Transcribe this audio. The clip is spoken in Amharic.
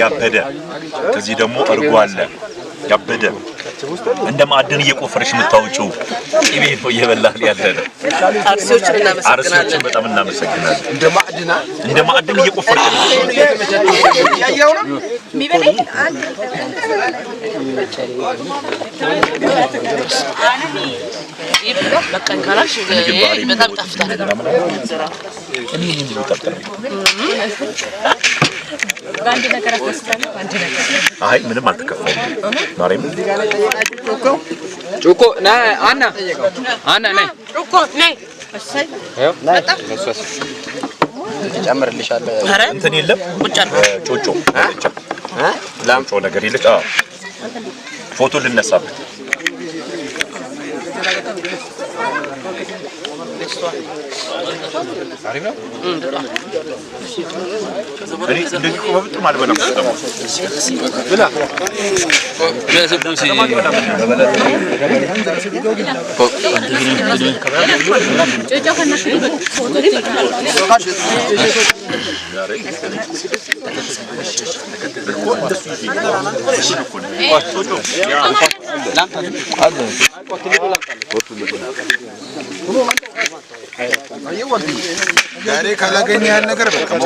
ያበደ ከዚህ ደግሞ እርጎ አለ ያበደ እንደ ማዕድን እየቆፈረሽ የምታወጪው ቅቤ ነው እየበላን ያለ ነው። አርሲዎችን በጣም እናመሰግናለን። እንደ ማዕድን እየቆፈረሽ በጣም ጣፍጣል። በአንድ ነገር አይ ምንም አልተከፈለ። ማርያም ጩኮ ና አና አና ነይ ጩኮ ነይ እንትን ላምጮ ነገር ይልቅ ፎቶ ልነሳበት አሪፍ ነው። እኔ እንደዚህ እኮ በፍጹም አልበላም። ብላ لا ዛሬ ካላገኘ ነገር በቃ